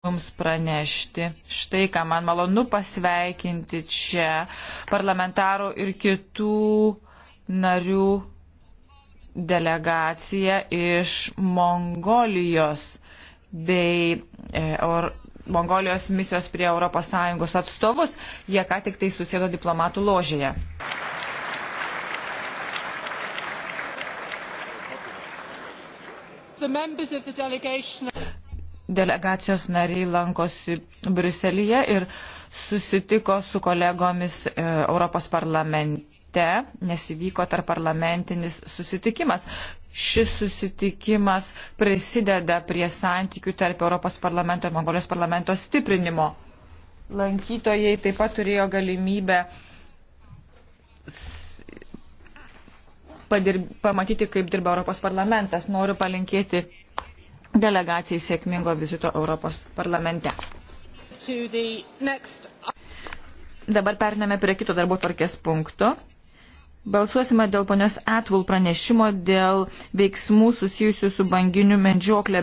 Jums pranešti. Štai ką man malonu pasveikinti čia parlamentarų ir kitų narių delegacija iš Mongolijos bei e, or, Mongolijos misijos prie ES atstovus. Jie ką tik tai susėdo diplomatų ložėje. The members of the delegation delegacijos nariai lankosi Briuselyje ir susitiko su kolegomis e, Europos parlamente, nes įvyko tarp parlamentinis susitikimas. Šis susitikimas prisideda prie santykių tarp Europos parlamento ir Mongolijos parlamento stiprinimo. Lankytojai taip pat turėjo galimybę padirb, pamatyti, kaip dirba Europos parlamentas. Noriu palinkėti delegacijai sėkmingo vizito Europos parlamente. Dabar perneme prie kito darbo tvarkės punkto. Balsuosime dėl ponios Atvul pranešimo dėl veiksmų susijusių su banginių medžioklė.